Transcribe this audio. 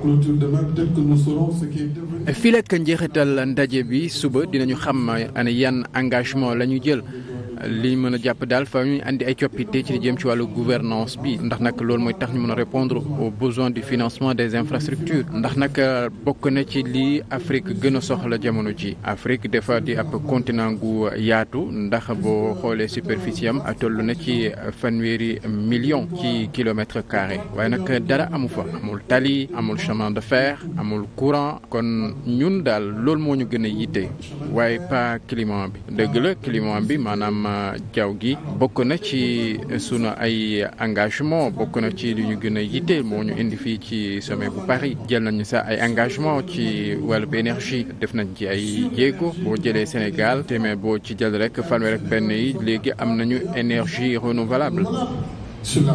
clôture de Mac ndaje bi suba dinañu xam ana yan engagement la ñu jël. li ñu mën a jàpp daal fa ñu andi ay coppite ci li jëm ci wàllu gouvernance bi ndax nag loolu mooy tax ñu mën a répondre aux besoins du financement des infrastructures ndax nag bokk na ci lii Afrique gën a soxla jamono ji Afrique dafa di ab continent gu yaatu ndax boo xoolee superficie am toll na ci fanweeri million ci kilomètres carrés waaye nag dara amu fa amul tali amul chemin de fer amul courant kon ñun daal loolu moo ñu gën a yitte waaye pas climat jaww gi bokk na ci sunu ay engagement bokk na ci li ñu gën a yitte moo ñu indi fii ci sommet bu Paris jël nañu sax ay engagement ci wala wàllub énergie def nañ ci ay jéego boo jëlee Sénégal téeméer boo ci jël rek fanweer rek benn yi léegi am nañu énergie renouvelable. Sur